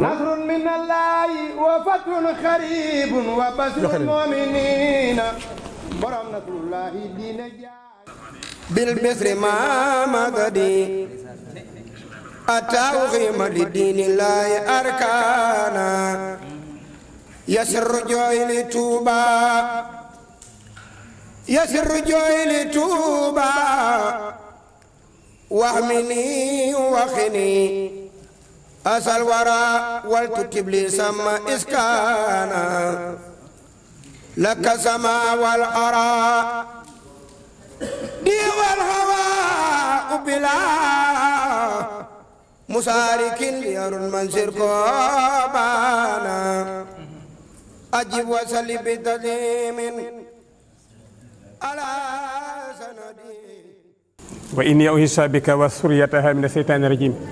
نصر من الله وفتح قريب وبسر المؤمنين برم نصر الله دين بالبسر ما مغدي أتاه لدين الله أركانا يسر جوي توبا يسر جوي توبا وهمني وخني أسأل وراء والتكب لي سما إسكانا لك سما والأراء دي والهواء بلا مسارك لير المنزل قبانا أجب وسلي بتدليم على سندي وإني أهيس بك وسريتها من الشيطان الرجيم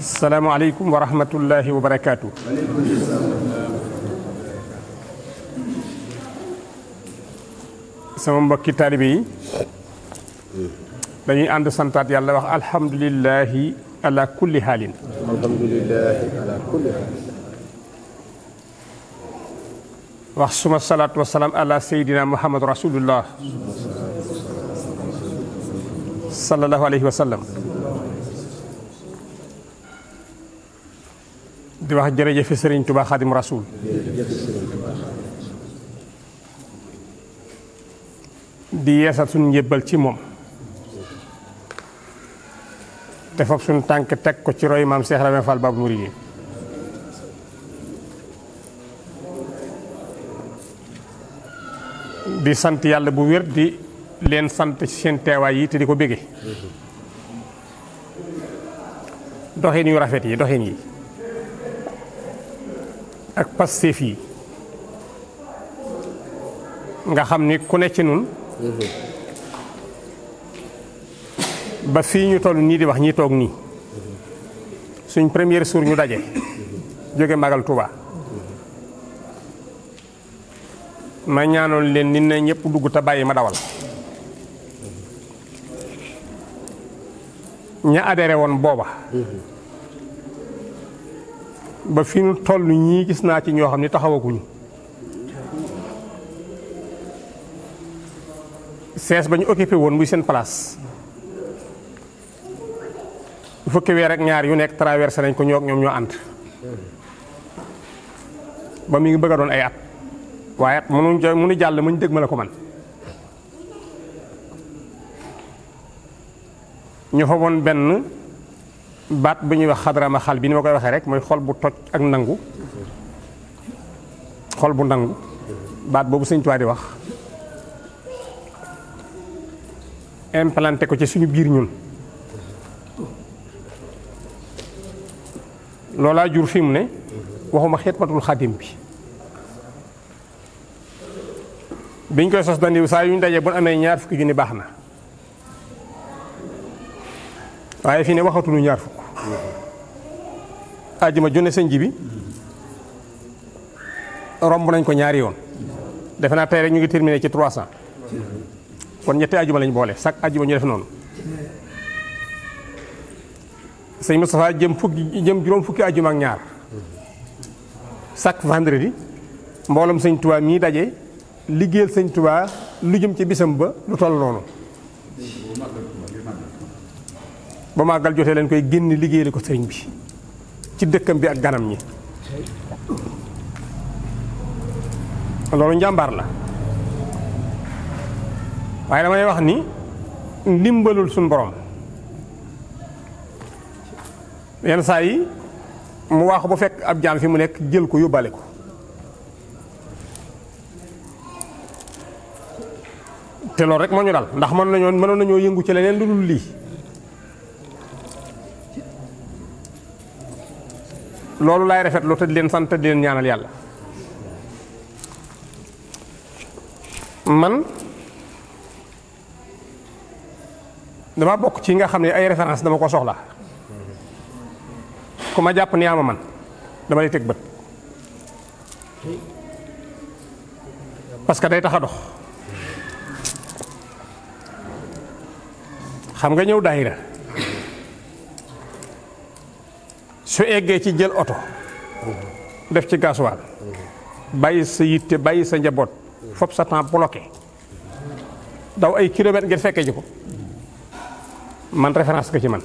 السلام عليكم ورحمة الله وبركاته سمم ورحمة الله وبركاته عند عليكم ورحمة الله وبركاته عليكم ورحمة الله وبركاته حال عليكم ورحمة الله وبركاته حال عليكم ورحمة الله وبركاته سيدنا عليكم ورحمة الله وبركاته عليكم ورحمة الله وبركاته عليه وسلم, صلى الله عليه وسلم. di wax jërëjëf Serigne Touba Khadim Rasoul di yeesal sun njébbal ci moom te fop suñu tànk teg ko ci roy maam Cheikh Fall Mouride di sant yàlla bu wér di leen sant ci seen teewaay yi te di ko bége doxin yu rafet yi doxin yi ak pastéef yi nga xam ni ku ne ci nun mhm. ba fii ñu toll nii di wax ñi toog nii mhm. suñ premier jour ñu daje mhm. jóge magal Touba ma ñaanoon leen nit na ñëpp dugg te bàyyi ma dawal ña adhéré woon booba ba fi nu toll ñii gis naa ci ñoo xam ne taxawaguñu sees ba ñu occupé woon muy seen place fukki weer ak ñaar yu nekk traversé nañ ko ñoo ñoom ñoo ànd ba mu ngi bëgg a doon ay at waaye at mënuñ mënu jàll muñ dëgg ma la ko man ñu fa woon benn bat buñuy wax wax ma xal bi ni ma koy rek moy xol bu toj ak nangu xol bu nangu bat bobu seigne touba di wax implanté ko ci suñu biir ñun lola jur fim ne waxuma xitmatul khadim bi biñ koy sos dandi sa yuñ dajé bu amé ñaar fukki junni baax fi ne ñu ñaar ajjuma junne sëñ ji bi romb nañ ko ñaari yoon defe naa tey rek ñu ngi terminé ci trois 300 kon ñetti ajjuma lañ boole chaque ajjuma ñu def noonu sëñ Moustapha jëm jëm juróom fukki ajjuma ak ñaar chaque vendredi mbooloom sëñ Tuubaa mii daje liggéeyal sëñ Tuubaa lu jëm ci bisam ba lu toll noonu ba màggal jotee leen koy génn liggéeyal ko sëriñ bi ci dëkkam bi ak ganam ñi loolu njàmbaar la waaye damay wax ni ndimbalul suñ boroom yenn saa yi mu waaxu ba fekk ab jaam fi mu nekk jël ko yóbbaale ko te loolu rek moo ñu dal ndax mën nañoo mënoon nañoo yëngu ci leneen lu dul lii loolu lay rafet lu di len sante di len ñaanal yalla man dama bok ci nga xamni ay reference dama ko soxla kuma japp ni yaa man dama lay teg bet parce que day tax dox xam nga ñew daayira su eggé ci jël auto def ci gasoil bayyi sa yitté bayyi sa njabot fop sa temps bloqué daw ay kilomètre ngeen féké jiko man référence nga ci man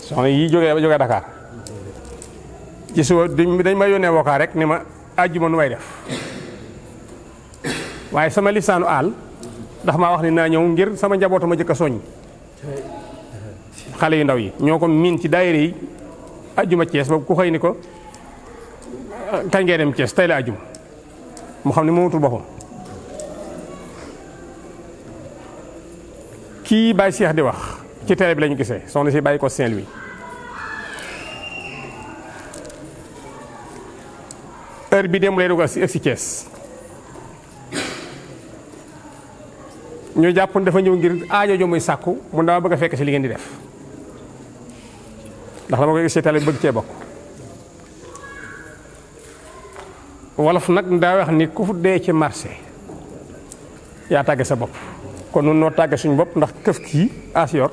soxna yi jógee jogé Dakar ci so dañ ma yone wokaa rek ni ma aji mo may def waye sama lisanu al ndax ma wax ni na ñew ngir sama njabotuma jëk soñ xale yu ndaw yi ñoo ko miin ci daayira yi ajjuma Cees ba ku xëy ni ko ah, kañ ngay dem Cees tey la mu xam ne moomatul boppam kii Baye Cheikh di wax ci télé bi lañu gisee soxna si bàyyi ko Saint-Louis heure bi démb lay doog si si Cees ñu jàpp dafa ñëw ngir aajo jo muy sàkku mu dama bëgg a fekk si li ngeen di def ndax dama koy seetaale bëgg cee bokk wolof nag daa wax ni ku fu dee ci marché yaa tàgge sa bopp kon nun noo tàgge suñu bopp ndax këf kii as yor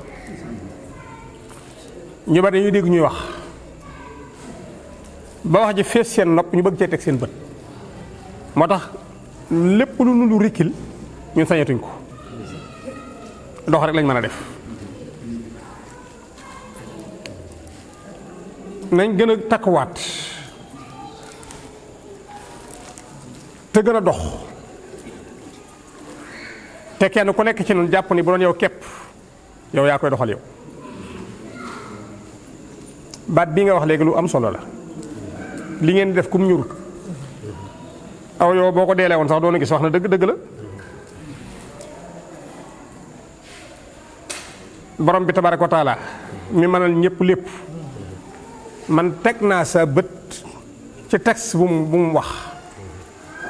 ñu bari ñu dégg ñuy wax ba wax ji fees seen nopp ñu bëgg cee teg seen bët moo tax lépp lu nu lu rikkil ñun sañatuñ ko dox rek lañ mën a def nañ gën a takkuwaat te gën a dox te kenn ku nekk ci ñun jàpp ni bu doon yow képp yow yaa koy doxal yow baat bii nga wax léegi lu am solo la li ngeen def kum ñurut aw yow boo ko deelee woon sax doona gis wax na dëgg dëgg la borom bi tabaraka wa taala mi manal ñëpp lépp man tek naa sa bët ci texte bu mu wax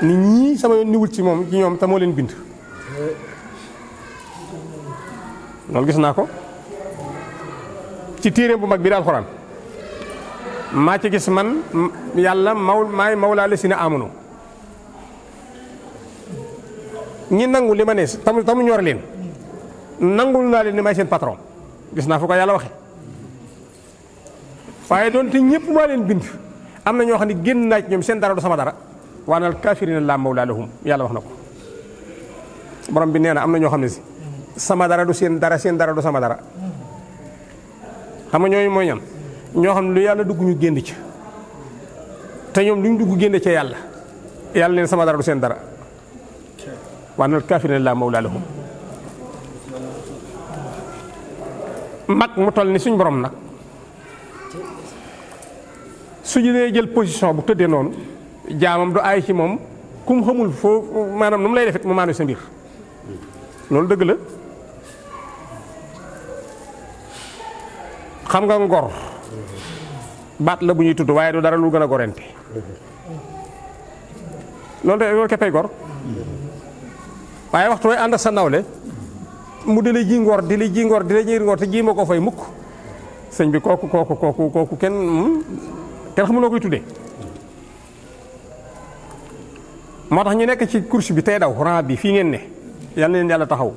ni ñii sama yoon niwul ci moom ci ñoom te moo leen bind loolu gis naa ko ci téere bu mag bi daal xoraan maa ci gis man yàlla maw maay mawlaa la sina amunu ñi nangu li ma ne tamu tamu ñor leen nangul naa leen ni may seen patron gis naa fu ko yàlla waxee waaye te ñëpp maa leen bind am na ñoo xam ne génn naa ñoom seen dara du sama dara waana al kaafirina laa mawlaa yàlla wax na ko bi nee na am na ñoo xam ne si sama dara du seen dara seen dara du dara xam ñooñu mooy ñan ñoo xam ne yàlla dugg ñu génn te ñoom lu dugg génn ca yàlla yàlla leen sama dara seen dara waana al kaafirina laa mawlaa lahum mag mu toll ni suñ borom nag suñu nee jël position bu tëddee noonu jaamam du aay ci moom ku mu foo maanaam nu mu lay defet mu maanu sa mbir loolu dëgg la xam nga ngor baat la bu ñuy tudd waaye du dara lu gën a gorente loolu de loolu keppay gor waaye waxtu way ànd sa nawle mu di la ji ngor di la ji ngor di la ji ngor te ji ma ko fay mukk sëñ bi kooku kooku kooku kooku kenn hmm? kenn xamul noo koy tudde moo tax ñu nekk ci course bi tey daw rang bi fii ngeen ne yal na leen taxaw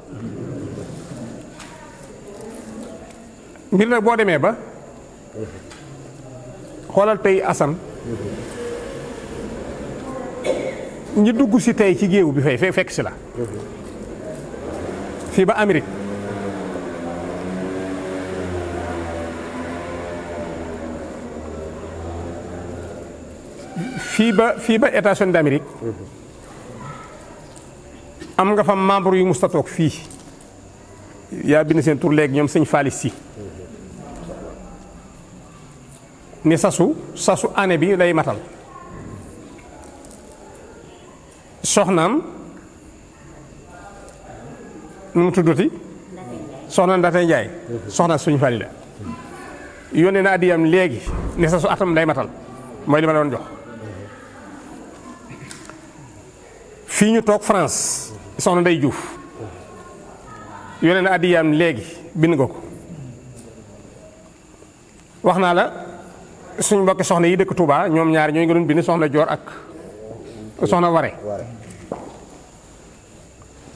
mbir nag boo demee ba xoolal tey asam ñi dugg si tey ci géew bi fay fekk si la fii ba Amérique fii ba fii ba états-unis d'Amérique am nga fa membre yu musta toog fii yaa bind seen tur léegi ñoom sëñ Falis si ni sasu sasu année bi lay matal soxnaam nu mu tuddati soxna Ndatay Njaay soxna suñu Faali la yónnee na addiyam léegi ne sasu atam lay matal mooy li ma doon jox fii ñu toog France soxna Ndey Diouf yone na addiyaam léegi bind nga ko wax naa la suñ mbokki soxna yi dëkk Touba ñoom ñaar ñooy nga doon bind soxna Joor ak soxna Ware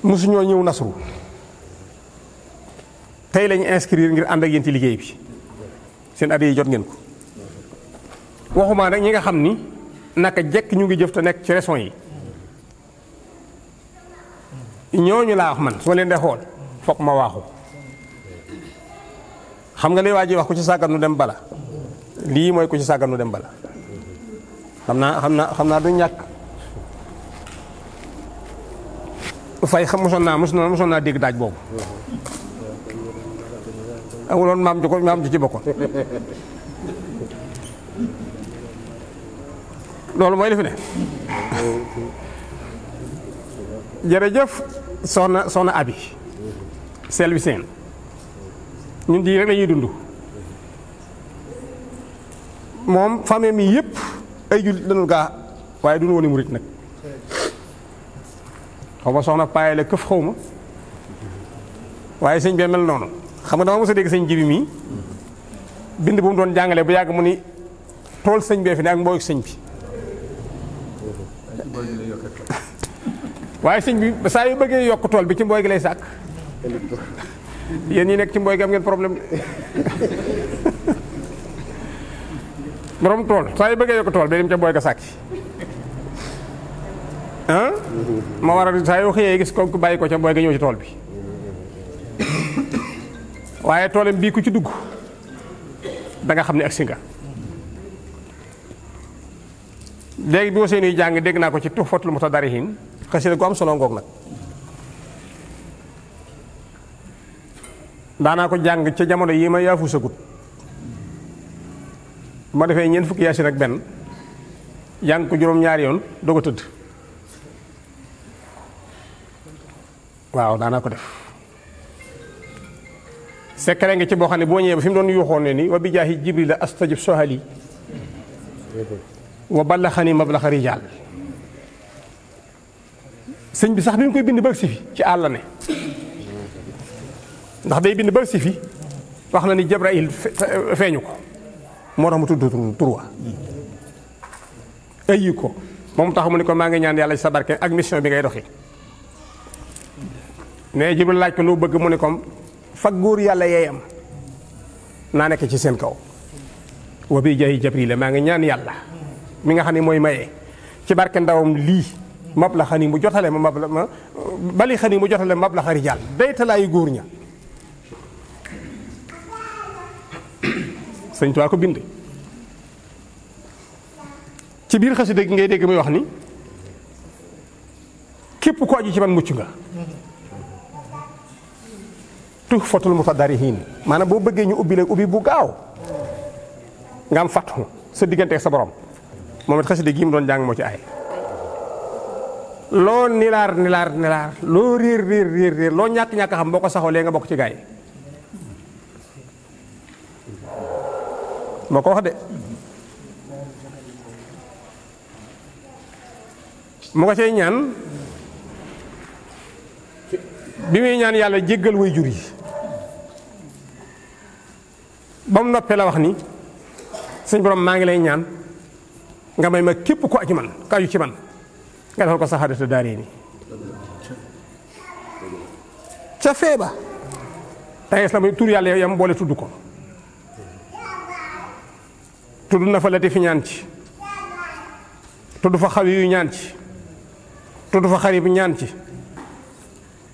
mosuñoo ñëw nasru tey lañu inscrire ngir ànd ak yéen ci liggéey bi seen addiya yi jot ngeen ko waxumaa nag ñi nga xam ni naka jekk ñu ngi jëf te nekk ci régions yi ñooñu laa wax man su ma leen dee xool foog ma waaxu xam nga li waa ji wax ku ci sàggan dem bala lii mooy ku ci sàggan dem bala xam naa xam naa xam naa du ñàkk fay xam mosoon naa mosoon naa dégg daaj boobu amuloon maam ci bokkoon loolu mooy li fi ne jërëjëf soxna soxna abi Selwi seen ñun di rek la ñuy dund moom famille mii yëpp ay jullit lañu gaa waaye duñu woon murit nag xaw ma soxna paaye la këf xaw ma waaye sëñ bee mel noonu xam nga dama mos dégg sëñ jibi mii bind bu mu doon jàngalee bu yàgg mu ni tool sëñ bee fi ne ak mbooyu sëñ bi waye sëñ bi saa yu bëggee yok tool bi ci mboy gi lay sak yeen yi nek ci mboy gi am ngeen problème borom tool saa yu bëggee yokk tool day dem ga sak hein ma wara saa yoo xëyee gis ko ko bayiko ci mboy ga ñew ci tool bi waye toolam bi ku ci dugg da nga xamni ne singa deg bi ma seen jàng dégg ko ci tuxfatul mutadarihin xasida ko am solo ngoog nag daanaa ko jang ci jamono yi ma yafu sagut ma defé ñen fukk yasi rek ben yang ko juroom ñaar yoon do ko waaw ko def sekere nga ci bo xam bo boo doon yu xone ni wa bi jahi jibril astajib sohali wa balakhani mablakh rijal sëñ bi sax dañ koy bind ba si fi ci àll ne ndax day bind ba si fi wax na ni jibril feñu ko mo ramu tuddu tudd tur wa ayi ko mom tax mu ni ko ma nga ñaan yalla ci sabarke ak mission bi ngay doxi ne Jibril laj ko lu bëgg mu ni ko fa goor yalla na nek ci seen kaw wa bi jibril ma nga ñaan yalla mi nga moy maye ci barke ndawum li mab la mu jotale ma mab la ma mu jotale mab la xari jàll góor ña sëñ bind ci biir xasida gi ngay dégg muy wax ni képp ko aju ci man mucc nga tuhfatul mutadarihin maanaam boo bëggee ñu ubbi la ubbi bu gaaw nga am fàttu sa diggante sa borom moom it xasida gi mu doon jàng moo ci ay lo nilar nilar nilar, lo rir rir rir rir lo nyak nyak xam boo ko saxoolee nga bok ci gay mako wax dé mu ko ñaan bi mi ñaan yalla jéggal way juri bam noppé la wax ni señ borom ma ngi lay ñaan nga may ma képp ko ci man ka ci man ngal kan defal ko saxaadatu dari ni cha feba tay Islam muy tur yàlla yam bolé tuddu ko tuddu na fa lati fi ñaan ci tuddu fa xawi yu ñaan ci tuddu fa xarib ñaan ci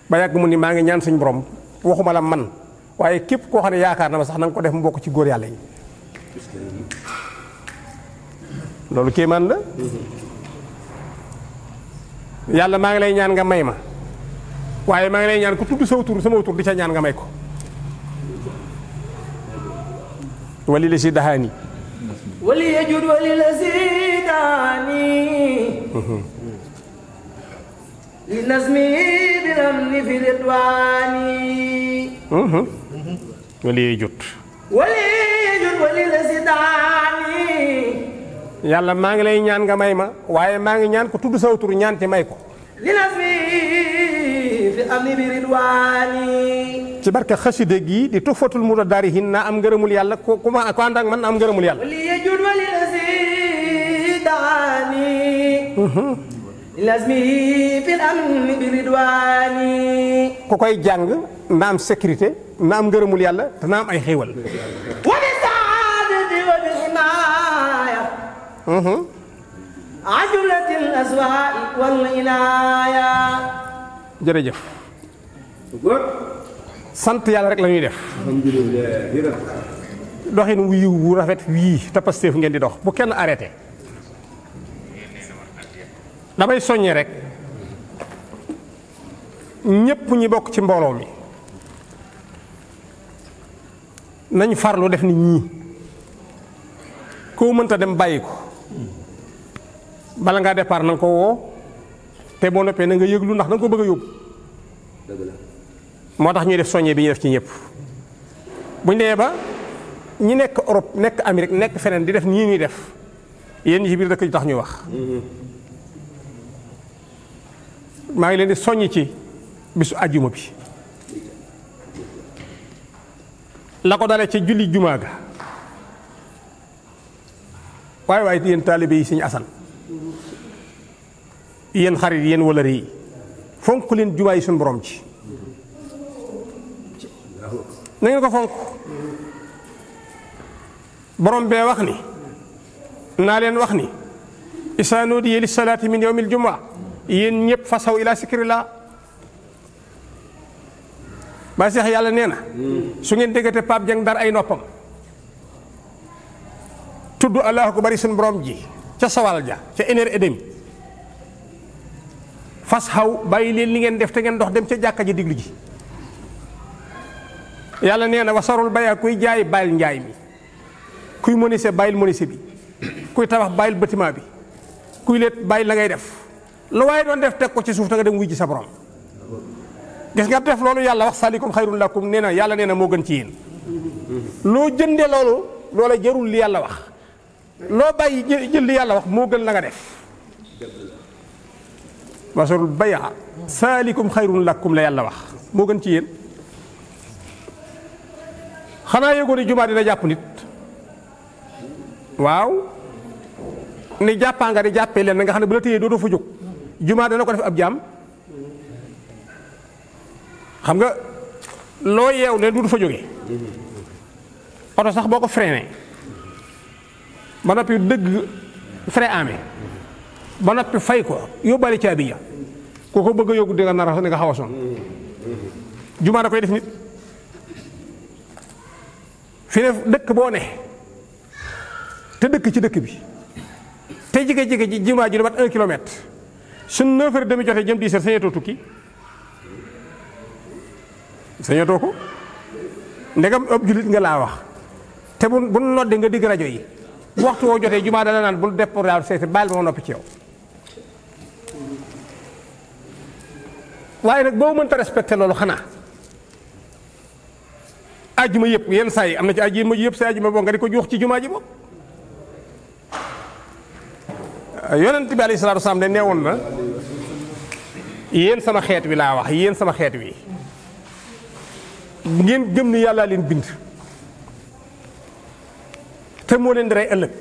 ba yàgg mu ni ma nga ñaan suñ borom waxuma la man waye kep ko xane yaakar na sax nang ko def mu bok ci gor yalla yi ke man la mm-hmm. yàlla maa ngi lay ñaan nga may ma waaye maa ngi lay ñaan ku tudd saw tur sama tur di ca ñaan nga may ko wali la si daxaani wali yajud wali la bi nam ni fi mhm. la si daxaani yàlla maa ngi lay ñaan nga may ma waaye maa ngi ñaan ko tudd saw tur ñaan ci may ko ci barke xaside gii di tufatul mutadaarihin naa am ngërëmul yàlla ku ku ma ku ànd ak man na am ngërëmul yàlla mhm. ku koy jàng na am sécurité na am ngërëmul yàlla te na am ay xéewal Mm-hmm. ajulatil azwa'i wal ilaya jërëjëf sant yàlla rek la ñuy def doxin wu wu rafet wii te ngeen di dox bu kenn arrêté damay soññe rek ñépp ñi bokk ci mbooloo mi nañ farlu def ni dem ko bala ngaa départ na nga ko woo te boo noppee na nga yëglu ndax na ko bëgg a yóbbu. moo tax ñuy def soññee bi ñu def ci ñëpp buñ demee ba ñi nekk orop nekk Amérique nekk feneen di def nii ñuy def yéen ñi ci biir dëkk yi tax ñu wax. Mm-hmm. maa ngi leen di soññ ci bisu ajjuma bi la ko dalee ci julli jumaa ga waaye waaye yéen taalibe yi suñu asan yéen xarit yéen wala yi fonk leen jubaay suñu borom ci na ngeen ko fonk borom bee wax ni naa leen wax ni isa nuudiya li salaati min yawmi juma yéen ñëpp fasaw ila sikrillah ba sheikh yalla neena su ngeen pap jang dar ay noppam tuddu allahu akbar sun borom ji ca sawal ja ca ener edem fas xaw bàyyi leen li ngeen def te ngeen dox dem ca jàkka ji diglu ji yàlla nee na wasarul bayaa kuy jaay bàyyil njaay mi kuy menuisier bàyyil menuisier bi kuy tabax bàyyil bâtiment bi kuy leet bàyyil la ngay def lu waaye doon def teg ko ci suuf da nga dem wuy ji sa borom gis nga def loolu yàlla wax salikum xayrun lakum nee na yàlla nee na moo gën ci yéen loo jënde loolu loola jarul li yàlla wax loo bàyyi jël li yàlla wax moo gën la nga def wasarul bayaa saalikum xayrun lakkum la yàlla wax moo gën ci yéen xanaa yëgoon ni jumaa dina jàpp nit waaw ni jàppaa nga di jàppee leen nga xam ne bu la téyee doo fa jóg jumaa dana ko def ab jaam xam nga loo yeew ne du fa jóge oto sax boo ko freiné ba noppi dëgg frein amee ba noppi fay ko yóbbaale caabi ja koo ko bëgg a yóbbu di nga nara a di nga xaw a sonn jumaa da koy def nit fi ne dëkk boo ne te dëkk ci dëkk bi te jige jige ji jumaa ji lu mat un kilomètre su neuf heures demi jotee jëm dix heures sañatoo tukki sañatoo ko ndegam ëpp jullit nga laa wax te bu bu noddi nga digg rajo yi waxtu woo jotee jumaa dala naan bul dépp daal seeti baal ma noppi ci yow waaye nag boo mënta respecté loolu xanaa ajjuma yëpp yenn saa yi am na ci ajjuma yëpp saa ajjuma boo nga di ko jox ci jumaa ji boobu yonent bi alayhi salaatu wasalaam de nee woon na yéen sama xeet wi laa wax yéen sama xeet wi ngeen gëm ni yàllaa leen bind te moo leen di rey ëllëg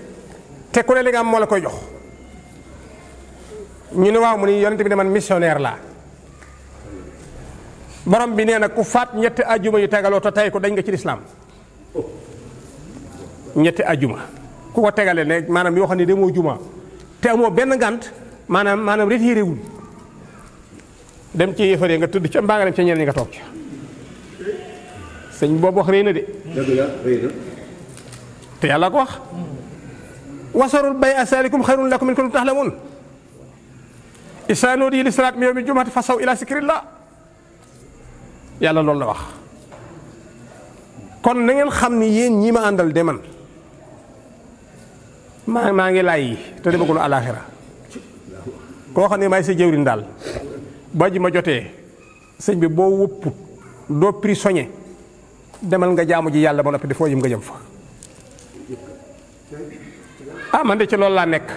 te ku ne li am moo la koy jox ñu ne waaw mu ni yonent bi ne man missionnaire laa borom bi neena ku fat ñetti aljuma yu tegaloo to tay ko dañ nga ci lislaam ñetti aljuma ku ko tegale ne manam yo xani demo juma te amoo ben gant manam manam retiré wul dem ci yëfare nga tudd ci mbaa nga dem ci ñeneen nga tok ci señ bobu wax te ko wax wasarul bay asalikum khairun lakum in kuntum tahlamun isaanu di lisrat mi yawmi fasaw ila sikrillah yalla lol la wax kon na ngeen xamni ni yéen ñi ma àndal de man ma ma ngi lay te ko alaxira koo ko xamni may sa jëwrin daal ba ji ma joté señ bi wupp do pri soñé demal nga jaamu ji yalla ba nopi defo yim nga jëm fa ah man de ci lol la nek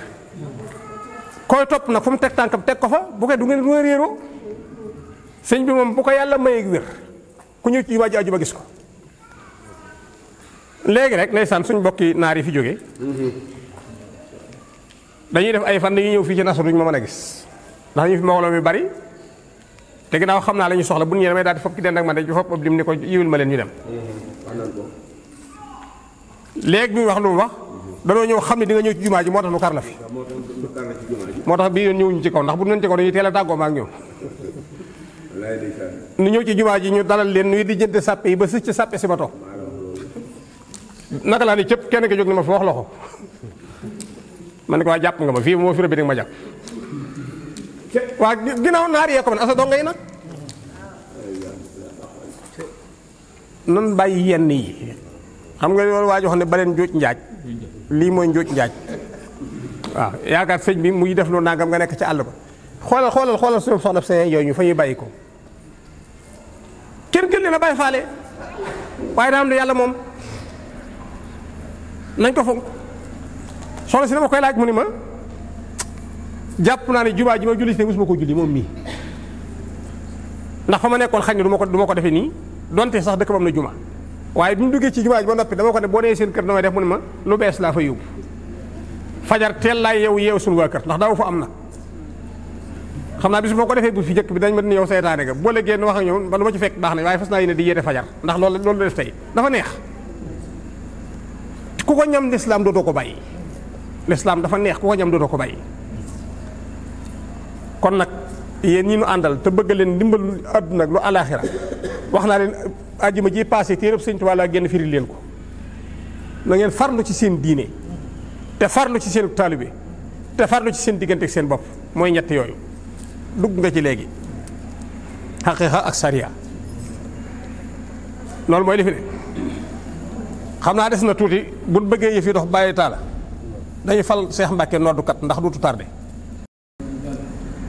koy top nag fum tek tankam tek ko fa bu ko du ngeen sëñ bi moom bu ko yàlla mayeeg wér ku ñëw ci waaju aju ba gis ko léegi rek ndeysaan suñ mbokki naar yi fi jóge dañuy def ay fan dañuy ñëw fii ci nasu duñ ma a gis ndax ñu fi mbooloo bari te xam naa la ñu soxla bu ñu damay daal di den ak man de fopp ab lim ni ko yiwil ma leen ñu dem léegi wax lu mu wax xam ne di nga jumaa ji moo tax nu kar la fi moo tax bii yoon ñëwuñu ci kaw ndax bu ñu ci kaw dañuy teel a tàggoo ak ñoom nu ñëw ci jumaa ji ñu dalal leen nuy di jënte sàppe yi ba sëcc sàppe si bato naka laa ni cëpp kenn ki jóg ni ma fa wax loxo ma ne waa jàpp nga ma fii moo fi rëbbi ma jàpp waa ginnaaw naar yee ko man asa donga yi nag nun bàyyi yenn yi xam nga loolu waa jox ne baleen njóoj njaaj lii mooy njóoj njaaj waaw yaakaar sëñ bi muy def lu nangam nga nekk ci àll ba xoolal xoolal xoolal suñu soxna seen yooyu ñu fa ñuy bàyyi ko kenn gën leen a bàyyi faale waaye daa am lu yàlla moom nañ ko fonk soxna si dama koy laaj mu ni ma jàpp naa ne jubaa ji ma julli si ne moom mii ndax fa ma nekkoon xañ na du ko du ko defee nii donte sax dëkk ba am na juma waaye bi mu duggee ci jubaa ji ba noppi dama ko ne boo dee seen kër damay def mu ni ma lu bees laa fa yóbbu fajar teel laay yow yeew suñu waa kër ndax daaw fa am na xamna naa bis bu ko defee bu fi jëkk bi dañ ma ni yow ga bo boo genn wax ak ñoom ba luma ci fekk baxna na fas naa yéene di yéene fajar ndax loolu loolu def tay dafa neex ku ko ñam l'islam do ko bayyi l'islam dafa neex ku ko ñam do ko bayyi kon nak yeen ñi ñu andal te bëgg leen dimbal lu nak lu alakhira wax na leen àjjuma ji passé téereb sëñ tuwala laa génn firi leen ko na ngeen farlu ci seen diiné te farlu ci seen talibé te farlu ci seen digënté ak seen bop moy ñett yoyu dugg nga ci léegi xaqiqa ak sariya loolu mooy li xam naa des na tuuti bu bëggee yëf yi dox bàyyi taala dañuy fal Seex Mbàkke noddukat ndax duutu tardé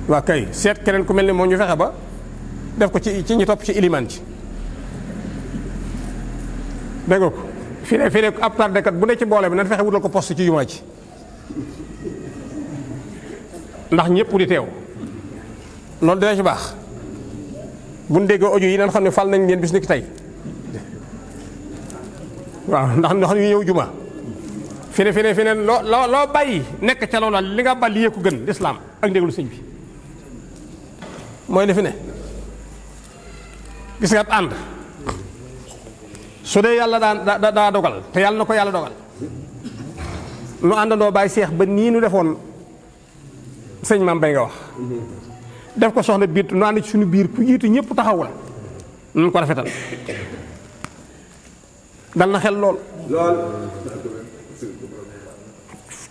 waa kay seet keneen ku mel ni moo ñu fexe ba def ko ci ci ñu topp ci ilimaan ci dégg ko fii ne fii ne ab tardekat bu ne ci mbooloo bi nan fexe wutal ko poste ci jumaa ci ndax ñëpp di teew loolu dina ci baax bu ñu déggee audio yi naan xam ne fal nañ leen bis ni ki tey waaw ndax ndax ñu ñëw juma fi ne loo loo loo nekk ca loola li nga bal yee ko gën lislaam ak ndéglu sëñ bi mooy li fi gis nga ànd su dee yàlla daa daa dogal te yàlla na ko yàlla dogal nu àndandoo bàyyi seex ba nii nu defoon sëñ maam bay nga wax def ko soxna biir nu ànd ci suñu biir ku jiitu ñëpp taxaw la nu ko rafetal dal na xel lool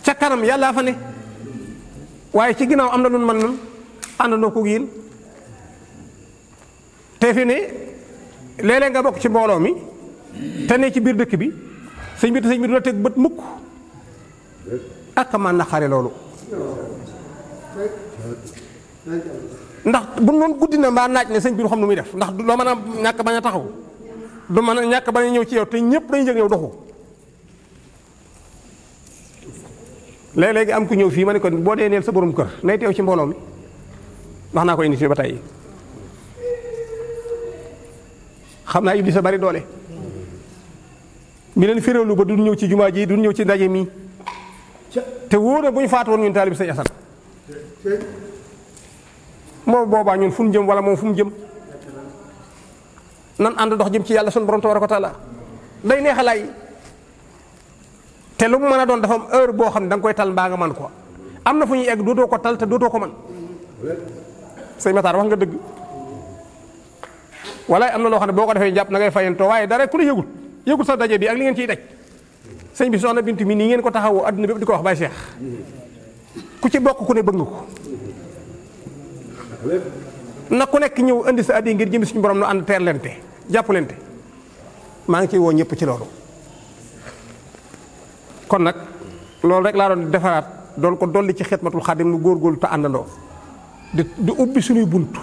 ca kanam yàllaa fa ne waaye ci ginnaaw am na lu man nun àndandoo ko yéen te fi ne léeg nga bokk ci mbooloo mi te ne ci biir dëkk bi sëñ bi te sëñ bi du la teg bët mukk ak man naqare loolu ndax bu noon guddi na mbaa naaj ne sëñ bi du xam nu muy def ndax doo man a ñàkk bañ a taxaw du mën a ñàkk ba a ñëw ci yow te ñëpp dañu yëg yow doxu léeg-léegi am ku ñëw fii ma ne ko boo dee neel sa boroom kër nay teew ci mbooloo mi wax naa ko indi fii ba tey xam naa iblis a bari doole mi leen féréwlu ba du ñëw ci jumaa ji du ñëw ci ndaje mi te wóor na bu ñu faatu woon ñun taalibi sëñ Asan mo boba ñun fuñu jëm wala mo fuñu jëm nan and dox jëm ci yalla sun borom tabaraka taala day neexalaay té lu mu mën doon dafa am heure bo xam ne koy tal ba nga man ko amna fuñu egg dootoo ko tal té dootoo ko man sey mataar wax nga dëgg walaay amna lo loo xam ne boo ko defee jàpp na dara ku la yegul sa dajé bi ak li ngeen ci daj sëñ bi soxna bint mi ni ngeen ko taxawoo aduna bi di ko wax bay cheikh ku ci bokku ku ne bëgg nga ko na ku nekk ñëw indi sa addi ngir jëm suñu borom nu ànd teerlente jàppalente maa ngi ciy woo ñëpp ci loolu. kon nag loolu rek laa doon defaraat doon ko dolli ci xidmatul xaadim nu góorgóorlu te àndandoo di di ubbi suñuy bunt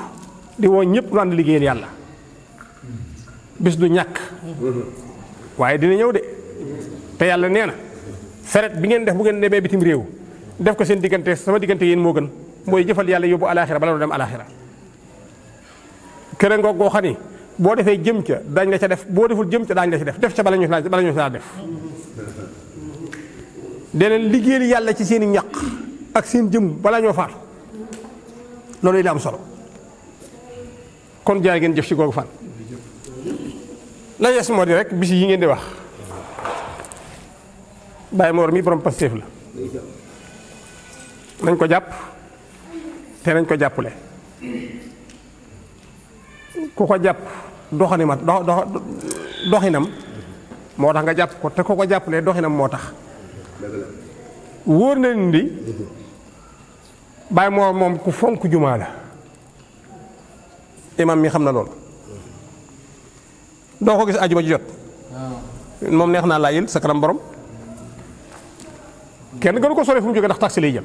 di woo ñëpp nu ànd liggéeyal yàlla bis du ñàkk waaye dina ñëw de te yàlla nee na saret bi ngeen def bu ngeen demee bitim réew def ko seen diggante sama diggante yéen moo gën. moy jëfal yalla yobu alakhirah bala do dem alakhirah kërëng ngoog go xani bo defee jëm ci dañ la ci def bo deful jëm ci dañ la ci def def ci bala ñu la bala ñu la def dene liggéeyal yalla ci seen i ñaq ak seen jëm bala ñu faal loolu la am solo kon jaay ngeen jëf ci googu faal la yes moo di rek bis yi ngeen di wax bàyyi mor mi borom passif la nañ ko japp té nañ ko jappulé ku ko japp doxani ma dox dox doxinam motax nga japp ko té ko ko jappulé doxinam motax tax nañ ni bay mo mom ku fonku juma la imam mi xamna na do ko gis aljuma ji jot mom neexna naa laayil borom kenn gënu ko sore fu mu jóge ndax taxi lay jëm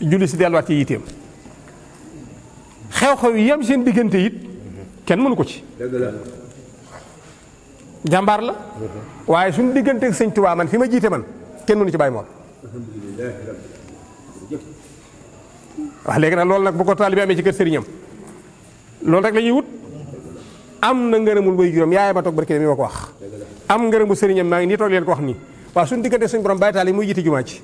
julli si delluwaat ci yitteem xew-xew yi seen diggante it kenn mënu ko ci. jàmbaar la uh-huh. waaye suñu diggante ak sëñ Tuubaa man fi ma jiite man kenn mënu ci bàyyi moom. wax léegi nag loolu ci kër loolu rek la ñuy wut am na ngërëmul way juróom yaay ma toog barki mi ma ko wax. am ngërëmu sëriñam maa ngi nii toog leen ko wax nii waaw suñu diggante suñu borom bàyyi taal yi muy jiite jumaa ci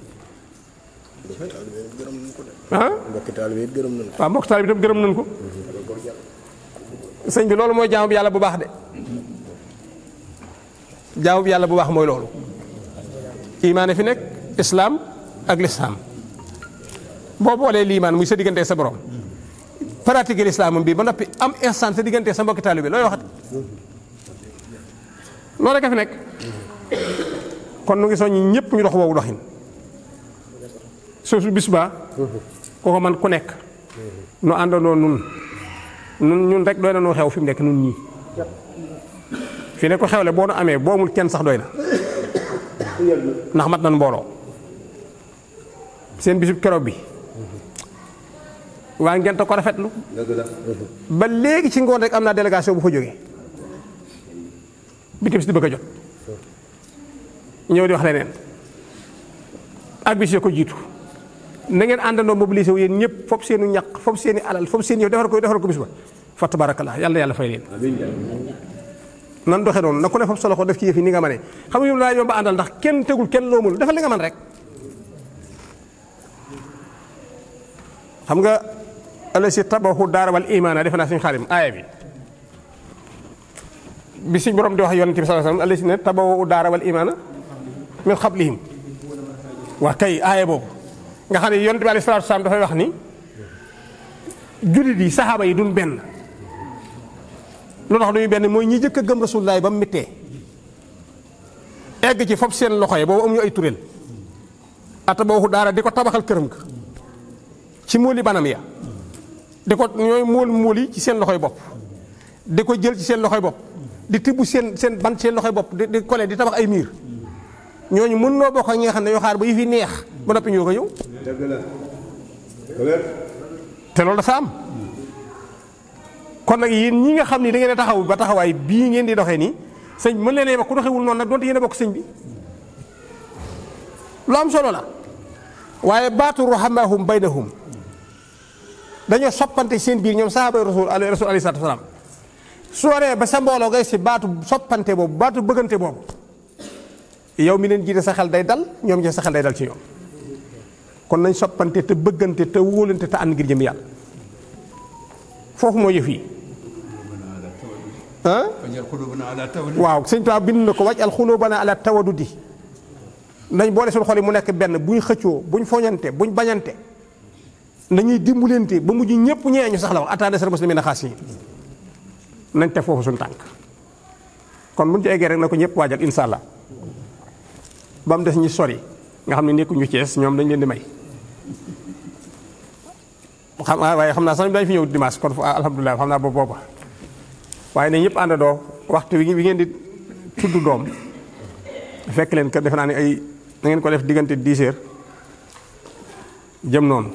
mbokki talib yi gërëm nañ ko waaw mbokki talib itam gërëm nañ ko bi loolu mooy jaamu yàlla de jaamu yàlla bu baax mooy loolu islam ak l'islam boo boolee liimaan muy sa diggante sa borom pratiquer l'islam bi ba noppi am instant sa diggante sa mbokki talib bi looy waxat loolu rek fi nekk kon nu ngi soññ ñëpp ñu dox doxin su bisba ko man ku nekk nu àndandoo nun nun ñun rek doy na noo xew fi mu nekk nun ñii fii ne ko xewle boo nu amee boo mul kenn sax doy na ndax mat nan mbooloo seen bisub keroog bi waa ngeen ko lu ba léegi ci ngoon rek am naa délégation bu fa jógee bi tamit si bëgg a jot ñëw di wax leneen ak bis yo ko jiitu na ngeen àndandoo mobilisé wu yéen ñëpp foofu seen i ñàq foofu seen i alal foofu seen i yow defar ko defar ko bis ba fa tabarakallah yàlla yàlla fay leen. nan doxee noonu na ku ne foofu sa loxo def ci yëf ni nga mënee xam nga yow laa a àndal kenn tegul kenn loo mënul defal li nga mën rek. xam nga imaana defe naa suñu xaarim aaya bi bi suñ borom di wax yonent bi sallallahu alayhi wasallam alasi ne tabaxu daara wal waa kay aaya boobu. nga xam ne yonent bi alayhi salaatu salaam dafay wax ni jullit yi saxaaba yi duñ benn lu tax duñu benn mooy ñi jëkk a gëm laay ba mu mittee egg ci foofu seen loxo yi boobu amuñu ay turéel ata boobu daara di ko tabaxal këram ka ci móoli banam ya di ko ñooy móol móoli ci seen loxoy bopp di ko jël ci seen loxoy bopp di tibb seen seen ban seen loxoy bopp di di kole di tabax ay miir ñooñu mën noo bokk ak ñi xam ne ñoo xaar ba yi fi neex ba noppi ñoo ko ñëw te loolu sam am kon nag yéen ñi nga xam ni da ngeen taxaw ba taxawaay bii ngeen di doxee nii sëñ mën leen ba ku doxewul noonu nag donte yéen a bokk sëñ bi lu am solo la waaye baatu ruhamahum baynahum dañoo soppante seen biir ñoom sahaaba rasul alayhi rasul alayhi salatu wasalam su waree ba sa mbooloo ngay si batu soppante boobu baatu bëggante boobu yow mi leen jiite sa xel day dal ñoom ñi sa xel day dal ci ñoom kon nañ soppante te bëggante te wóolante te and ngir jëm yàlla foofu moo yëf yi waaw sëñ tuwaa bind na ko wàcc alxulubana ala tawadudi nañ boole suñu xol yi mu nekk benn buñ xëccoo buñ foñante buñ bañante nañuy dimbulente ba mujj ñëpp ñeeñu sax la wax attaane sar muslimin xaas yi nañ te foofu sun tànk kon buñ ci eggee rek na ko ñëpp waajal insha allah ba mu des ñi sori nga xam ne nekkuñu cees ñoom dañ leen di may xam waaye xam naa sax dañ fi ñëw dimanche kon alhamdulilah xam naa boobu booba waaye ne ñëpp doo waxtu wi ngeen di tudd doom fekk leen kat def naa ni ay na ngeen ko def diggante dix heures jëm noonu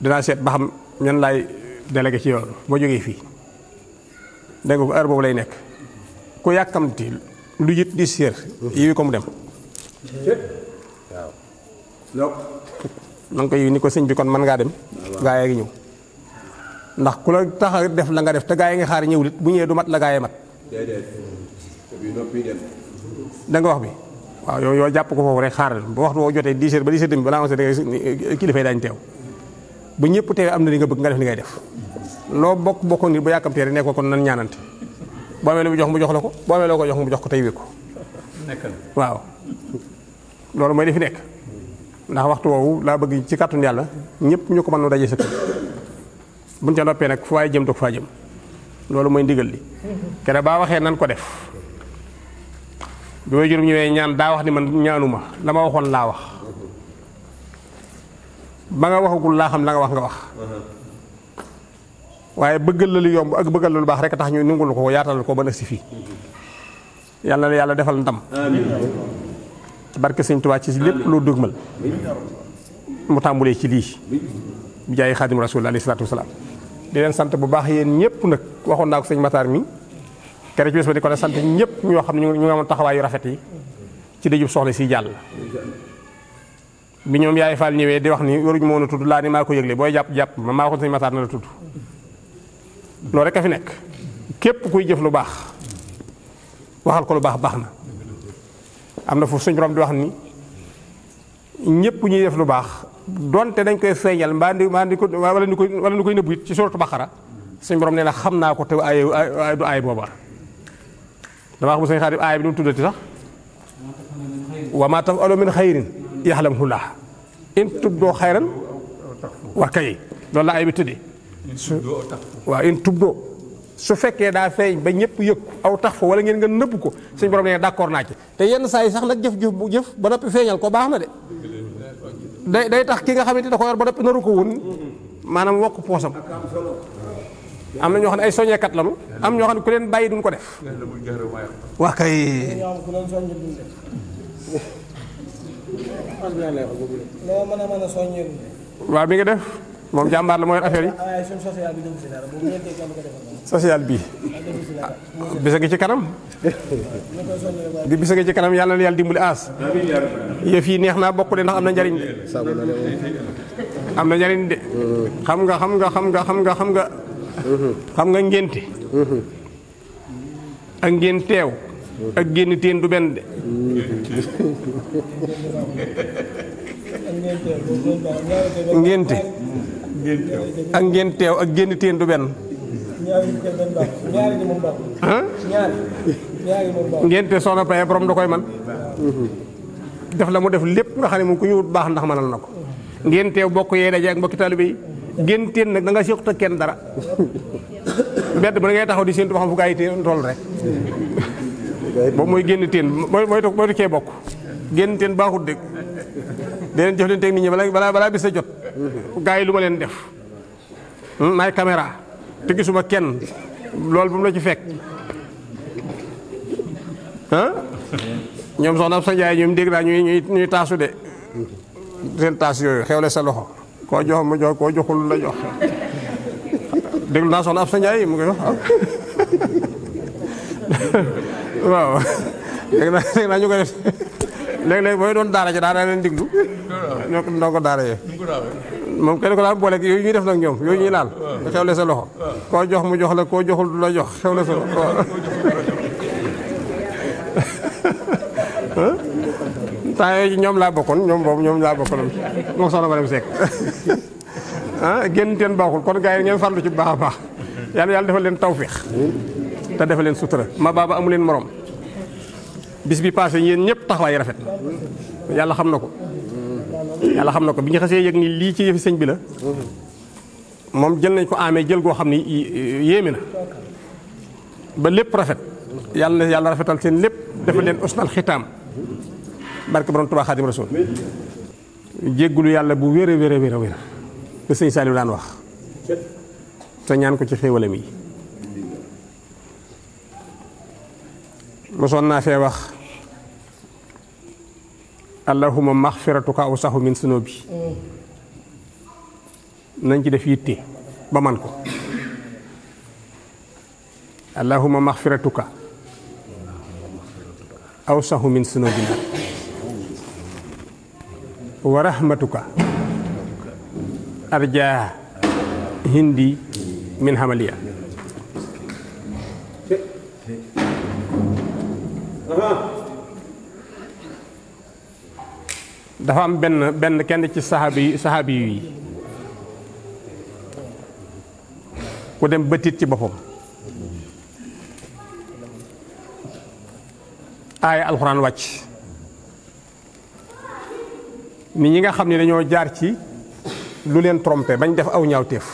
dinaa seet ba xam ñan laay délégué ci yoon boo jógee fii dégg nga ko heure boobu lay nekk ku yàkkamti lu yit dix heures ko mu dem na nga koy ni ko sëñ bi kon mën ngaa dem gaa yi ngi ñëw ndax ku la tax a def la nga def te gaa yi nga xaar ñëwul it bu ñëwee du mat la gaa yi mat danga nga wax bi waaw yow yow jàpp ko foofu rek xaaral ba waxtu woo jotee 10 heures ba 17 heures balaa nga seetee kilifa yi daañu teew bu ñëpp teewee am na li nga bëgg nga def li ngay def loo bokk bokkoon nit bu yàkkamtee rek nekkoon kon nan ñaanante boo amee lu mu jox mu jox la ko boo amee loo ko jox mu jox ko tey wékku mooy li fi nekk ndax waxtu woowu la bëgg ci kàttun yàlla ñëpp ñu ko mën daje sa kër buñ ca noppee nag fu jëm dog faa jëm loolu mooy ndigal li kere baa waxee nan ko def bi way jurum ñëwee ñaan daa wax ni man ñaanuma la ma waxoon laa wax ba nga waxagul laa xam la nga wax nga wax waaye bëggal la lu yomb ak bëggal la lu baax rek tax ñu nungul ko yaatal ko ba na si fii yàlla la yàlla defal ndam amin ci barke seigne touba ci lepp lo dougmal mu tambulé ci li bi jaay xaadim rasul alayhi salaatu wasalaam di len sante bu baax yeen ñepp nak waxon na ko seigne Matar mi kéré ci bés ba di ko la sante ñepp ñu xamni ñu ngi taxaway yu rafet yi ci dëjub soxla ci jall bi ñoom yaay fall ñewé di wax ni waruñu moo na tuddu la ni mako yeglé boy japp japp ma maa seigne Matar na la tuddu lo rek ka fi nek képp kuy jëf lu baax waxal ko lu baax baax na am na foofu suñu borom di wax ni ñëpp ñuy yef lu baax donte dañ koy feeñal mbaa ndi mbaa ndi ko wala ñu koy wala ñu koy nëbbu it ci suratu Baqara suñ borom nee na xam naa ko te ay du ay booba damaa xam suñu xaar aay bi nu mu tuddati sax xayran wa kay loolu la ay bi tuddi waaw in tubdoo su fekke da feeñ ba ñepp yëg aw tax fa wala ngeen nga nepp ko suñ borom ne d'accord na ci te yenn say sax nak jëf jëf bu jëf ba nopi feñal ko baax na de day day tax ki nga xamanteni da ko yor ba nopi naru ko wun manam wokk posam am na ñoo xamne ay ay kat lañu am ñoo xamne ku leen bayyi duñ ko def waa kay wa mi nga def mom jambar la moy affaire yi. social bi. bisa gi ci kanam. di bisa gi ci kanam yalla na yalla dimbali as ye fi neex naa bokk de ndax am njariñ amna njariñ de. xam nga xam nga xam nga xam nga xam nga. xam nga ngenté ak ngentew ak génn du ben de. ngenté ak ngeen teew ak génn teen du benn. ah. ngeen te soxna Paye borom da koy man def la mu def lépp nga xam mu ku ñu baax ndax mënal na ko. ngeen teew bokk yee daje ak mbokki taalibe yi génn teen nag da nga kenn dara. mbedd ba da ngay taxaw di séentu ba xam fu teen toll rek. boobu mooy génn teen mooy mooy mooy bokk. génn teen baaxut dëgg. dinañ jëf leen teg nit ñi balaa balaa balaa bis a jot gaa yi lu ma leen def hmm, maay caméra te gisuma kenn loolu bu mu la ci fekk ah ñoom soxna sa njaay ñoom dégg naa ñuy ñuy ñuy yooyu xewle sa loxo koo la jox déglu naa soxna ab sa njaay mu koy wax waaw dégg naa dégg ñu koy léeg-léeg booy doon daara ci daa daa leen diglu ñoo ko ndongo daara yee moom kenn ko daan booleeg yooyu ñuy def nag ñoom yooyu ñuy laal xewle sa loxo koo jox mu jox la koo joxul du la jox xewle sa loxo temps yooyu ñoom laa bokkoon ñoom boobu ñoom laa bokkoon moom soxna ma dem sekk ah génn teen baaxul kon gars yi ngeen farlu ci bu baax a baax yàlla yàlla defal leen tawféex te defal leen sutura ma baaba amu leen morom bis bi passé yéen ñëpp taxawaay rafet yàlla xam na ko yàlla xam na ko bi ñu xasee yëg ni lii ci yëfi sëñ bi la moom jël nañ ko amee jël goo xam ni yéeme na ba lépp rafet yàlla na yàlla rafetal seen lépp dafa leen usnal xitaam barke borom Tuubaa Xaadim Rasuul jéggulu yàlla bu wér a wér a sëñ Saliou daan wax te ñaan ko ci xéewalam yi mosoon naa fee wax allahuma maxfiratuka aw saxu min suno bi nañ ci def yitte ba man ko allahuma maxfiratuka aw saxu min suno bi nag wa rahmatuka arjaa hindi min hamaliya Uh-huh. dafa am benn benn kenn ci saxaabi yi saxaabi yi ku dem bëtit ci boppam aay alxuraan wàcc ni ñi nga xam ni dañoo jaar ci lu leen trompé bañ def aw ñaawteef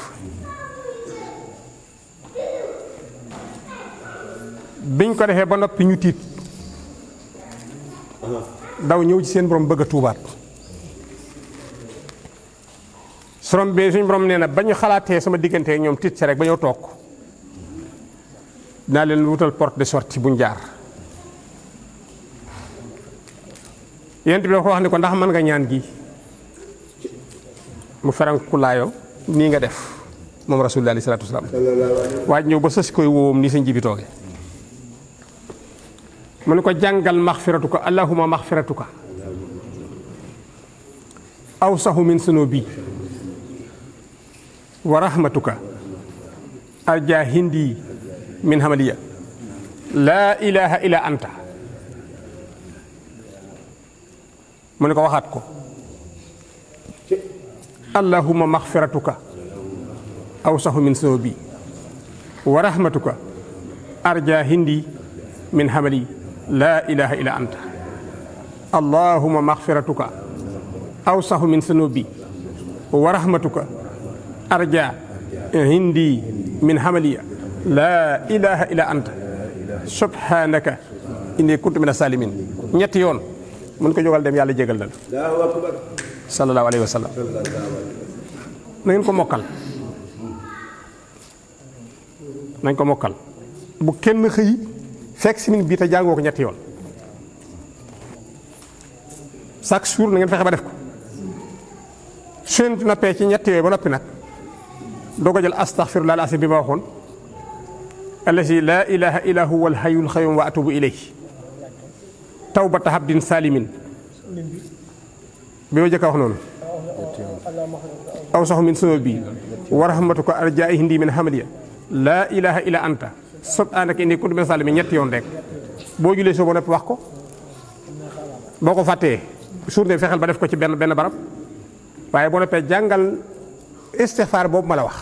biñ ko defee ba noppi ñu tiit daw ñëw ci seen borom bëgg a tuubaat sorom be suñ borom neena bañu xalaatee sama diggante ñoom tiit rek bañoo toog naa leen wutal porte de sortie buñ jaar yent bi ko wax ni ko ndax man nga ñaan gi mu ferang kulaayo ni nga def moom rasulullah alayhi salatu wasalam waaj ñëw ba sës koy woowam nii sëñ jibi tooge mu ko jàngal maxfiratuka allahuma maxfiratuka awsahu min sunubi ورحمتك هندي من هملية لا إله إلا أنت منك وحدك اللهم مغفرتك أوسه من سنوبي ورحمتك أرجى هندي من هملي لا إله إلا أنت اللهم مغفرتك أوسه من سنوبي ورحمتك arja ya, hindi min hamaliya la ilaha illa anta subhanaka inni kuntu min salimin ñet yoon mën ko jogal dem yalla jégal dal allahu akbar sallallahu alaihi wasallam nañ ko mokal nañ ko mokal bu kenn xey fek simin bi ta jangoo ko ñet yoon chaque jour na ngeen fexé ba def ko na pé ci ñet yoy ba nopi nak doo ko jël astaxfirullah al-asiim bi ma waxoon allazi laa ilaaha illaa huwa al-hayyul qayyuum wa atuubu ilayhi tawbata habdin saalimin bi ma jëkk wax noonu aw sax min sunub bi wa rahmatuka arjaa hindi min hamadiya laa ilaaha illaa anta subhaanaka inni kuntu mina saalimin ñetti yoon rek boo julee soo ba noppi wax ko boo ko fàttee journée fexeel ba def ko ci benn benn barab waaye boo noppee jàngal istixfaar boobu ma la wax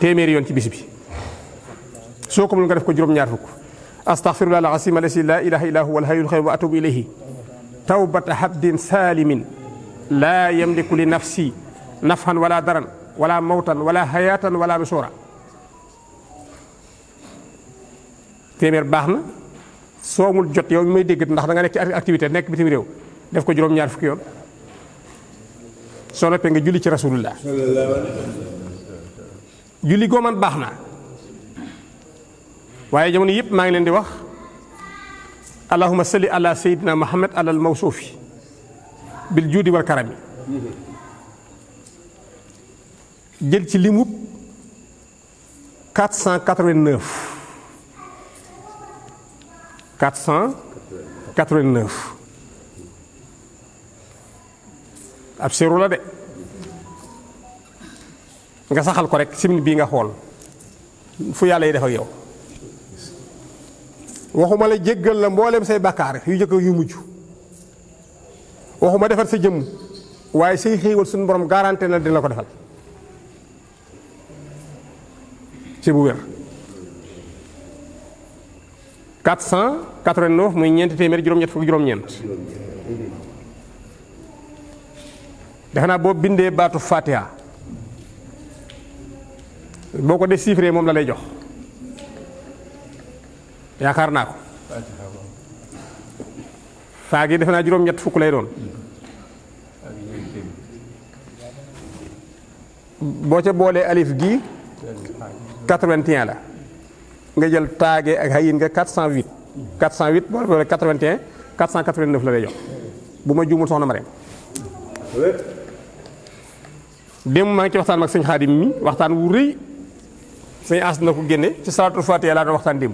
téeméeri yoon ci bis bi soo ko mën nga def ko juróom-ñaar fukk astaxfirullah al asim alasi la ilaha illa huwa alhayyul qayyum wa atubu ilayhi tawbata habdin salimin la yamliku li nafsi nafhan wala daran wala mawtan wala hayatan wala nusura téeméer baax na soo mul jot yow mi may dégg ndax da nga nekk ci activité nekk bitim réew def ko juróom-ñaar fukki yoon soo noppee nga julli ci rasulullah julli goo man baax na waaye jamono yëpp maa ngi leen di wax allahuma salli ala sayidina muhammad alal mawsuufi bil juudi wal karami jël ci limub 489 489 ab séeru la de nga saxal ko rek simin bii nga xool fu yàlla yi def ak yow waxuma la jéggal la mbooleem say bakkaar yu jëkk yu mujj waxuma defar sa jëmm waaye say xéewal suñu borom garanté na dina ko defal ci bu wér 489 muy ñeenti téeméer juróom-ñett fukk juróom-ñeent defe naa boo bindee baatu Fatiha boo ko déchiffré moom la lay jox yaakaar naa ko faa gi defe naa juróom-ñett fukk lay doon boo ca boolee alif gi 81 la nga jël taage ak hayin nga 408 408 boo boolee 81 489 la lay jox bu ma juumul soxna ma rem démb ma ngi ci waxtaan ak sëñ xaadim mi waxtaan wu reuy seigne as na ko génne ci salatu fatiha la do waxtaan dem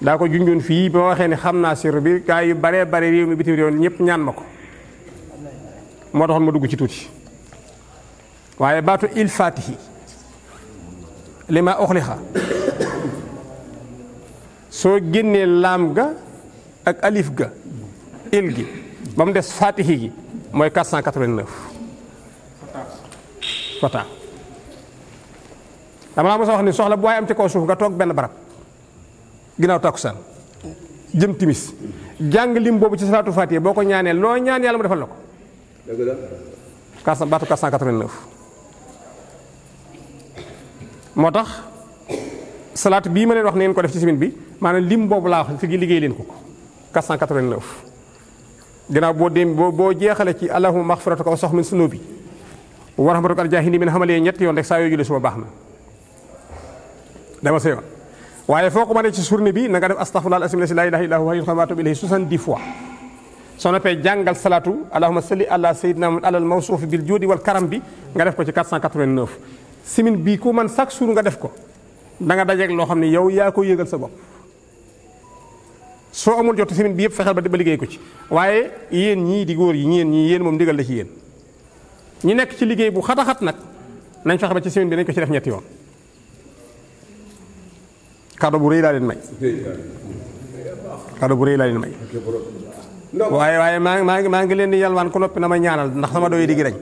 da ko junjoon fi ba waxé ni xamna sir bi kay yu bare bare rew mi bitim rew ñëpp ñaan mako mo taxon ma dugg ci tuti waye batu il fatihi lima ukhliha so genné lam ga ak alif ga il gi ba des fatihi gi mooy 489 fata dama la mos wax ni soxla bu waay am ci kaw suuf nga toog benn barab ginnaaw takusan jëm timis jàng lim boobu ci salatu fatiha boo ko ñaanee loo ñaan yàlla mu defal la ko dëgg la 400 baatu 489 moo tax salaat bii ma leen wax ne ngeen ko def ci simin bi maanaam lim boobu laa wax fi liggéey leen ko 489 gannaaw boo dem boo boo jeexale ci sox allahumma maxfiratuka war soxmin sunubi wa rahmatuka arjahini min xamalee ñetti yoon rek saa yoo julli suba baax na dama sa yoon waaye foo ko mënee ci surne bi na nga def astaghfirullah al-azim laa ilaaha illaa huwa hayyul qayyuum wa atuubu ilayhi soixante-dix fois soo noppee jàngal salaatu allahumma salli ala sayyidina Muhammad alal mawsuuf bil juudi wal karam bi nga def ko ci 489 simin bii ku man chaque jour nga def ko da nga dajeeg loo xam ne yow yaa ko yëgal sa bopp so amul jot semaine bi yëpp fexal ba di liggéey ko ci waaye yeen ñi di goor yi ñeen ñi yeen mom digal la ci yeen ñi nekk ci liggéey bu xat nak nañ fexal ba ci semaine bi nañ ko ci def ñetti yoon kado bu reey la leen may kado bu reey la leen may waaye waaye ma ma ma ngi leen di yalwaan ku nopi na ma ñaanal ndax sama doyee digi rañ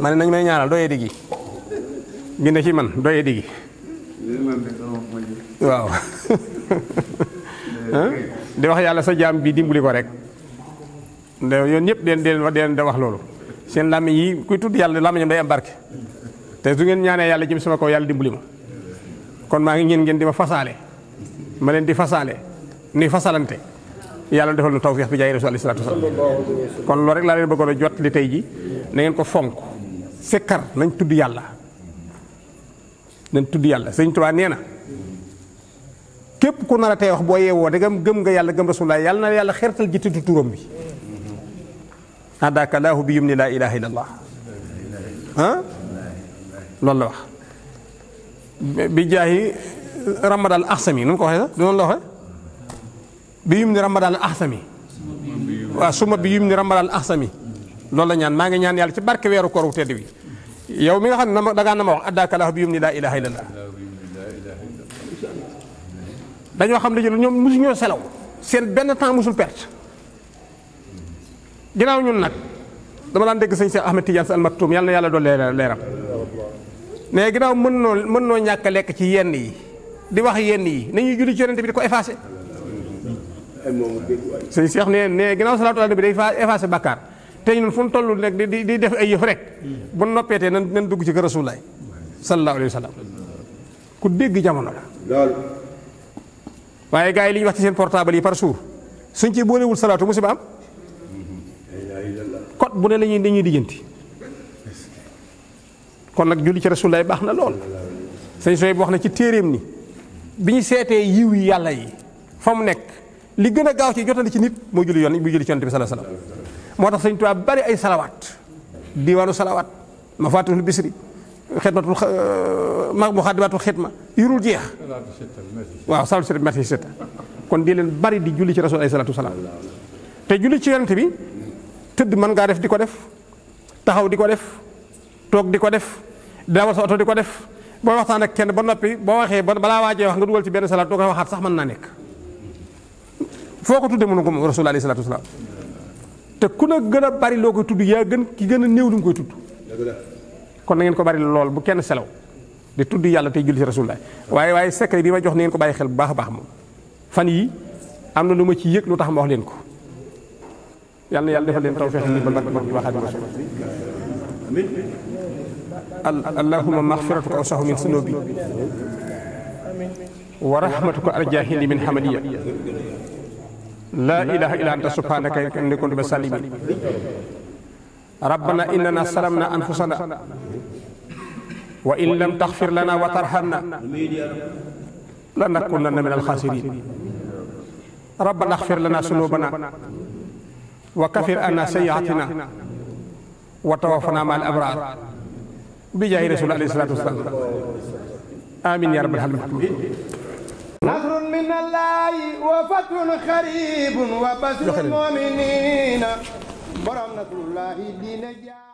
mané nañ may ñaanal doyee digi bind ci man doyee digi waaw di wax yalla sa jam bi dimbali ko rek ndew yon ñep den den den da wax lolu seen lam yi kuy tudd lam ñam day am barke te du ngeen ñaanee yalla jëm sama ko yalla dimbali ma kon ma ngi ngeen ngeen di ma fasale, ma len di fasaale ni fasalante yalla defal nu tawfiq bi jaay rasul sallallahu alaihi wasallam kon lo rek la leen bëggoon jot li tay ji na ngeen ko fonk sekkar nañ tudd yalla nañ tudd yalla seigne touba neena képp ku nara tay wax bo boo yeewoo degam gëm nga yalla gëm rasulullah yalla na yalla xertal gi tuddu turum bi hadaka lahu bi yumni la ilaha illallah ah loolu la wax bi jahi ramadan ahsami nu ko waxe do non la waxe bi yumni ramadan ahsami wa suma bi yumni ramadan ahsami loolu la ñaan ma nga ñaan yalla ci barke weeru ko wu tedd bi yow mi nga xam na da nga na wax hadaka lahu bi yumni la ilaha illallah dañoo xam ne jël ñoom mosu ñoo selaw seen benn temps mosul perte ginnaaw ñun nag dama daan dégg sëñ Cheikh Ahmed Tidiane Sy Al Maktoum yàlla na yàlla doon leeram mais ginnaaw mën noo mën noo ñàkk a lekk ci yenn yi di wax yenn yi nañuy julli ci yonent bi di ko effacé sëñ Cheikh ne ne ginnaaw salaatu ala nabi day effacé bàkkaar te ñun fu mu toll nag di di def ay yëf rek bu noppeetee nan nan dugg ci kër Rasulullaah sallallaahu alayhi wa sallam ku dégg jamono la waaye gars yi li ñu wax ci seen portable yi par jour suñ ci boolewul salaatu musiba am kot bu ne lañuy dañuy dijjanti kon nag julli ci rasulaay baax na lool sëñ sooy bu wax na ci téereem ni bi ñu seetee yiw yi yàlla yi fa mu nekk li gën a gaaw ci jotandi ci nit moo julli yoon bu julli ci yonent bi sallallahu alayhi wasallam moo tax sëñ Tuubaa bari ay salawaat diwaanu salawaat mafaatihul bisri xidmatul ma mu xaddimatul xidma yurul jeex waaw salaatu sitta merci set kon di leen bari di julli ci rasul ay salaatu salaam te julli ci yonent bi tëdd mën ngaa def di ko def taxaw di ko def toog di ko def dawal sa oto di ko def boo waxtaan ak kenn ba noppi boo waxee ba balaa waajee wax nga dugal ci benn salaat doo ko waxaat sax mën naa nekk foo ko tudde mënu ko rasul alayhi salaatu salaam te ku na gën a bari loo koy tudd yaa gën ki néew lu koy tudd kon na ngeen ko bari lool bu kenn selaw di tudd yàlla tey julli ci rasulullah waaye waaye secret bi ma jox na ngeen ko bàyyi xel bu baax a baax moom fan yi am na lu ma ci yëg lu tax ma wax leen ko yàlla na yàlla defal leen tawfiq ni ba barke barke waxaat rasul allahumma maghfiratuka awsahu min sunubi wa rahmatuka arjahili min hamaliya لا إله إلا أنت سبحانك إني كنت من ربنا إننا سلمنا أنفسنا وإن لم تغفر لنا وترحمنا لنكونن من الخاسرين ربنا اغفر لنا ذنوبنا وكفر عنا سيئاتنا وتوفنا مع الأبرار بجاه رسول الله الله صلى عليه وسلم آمين يا رب العالمين نهر من الله وفتح قريب وبشر المؤمنين borom na dullahi diine jaa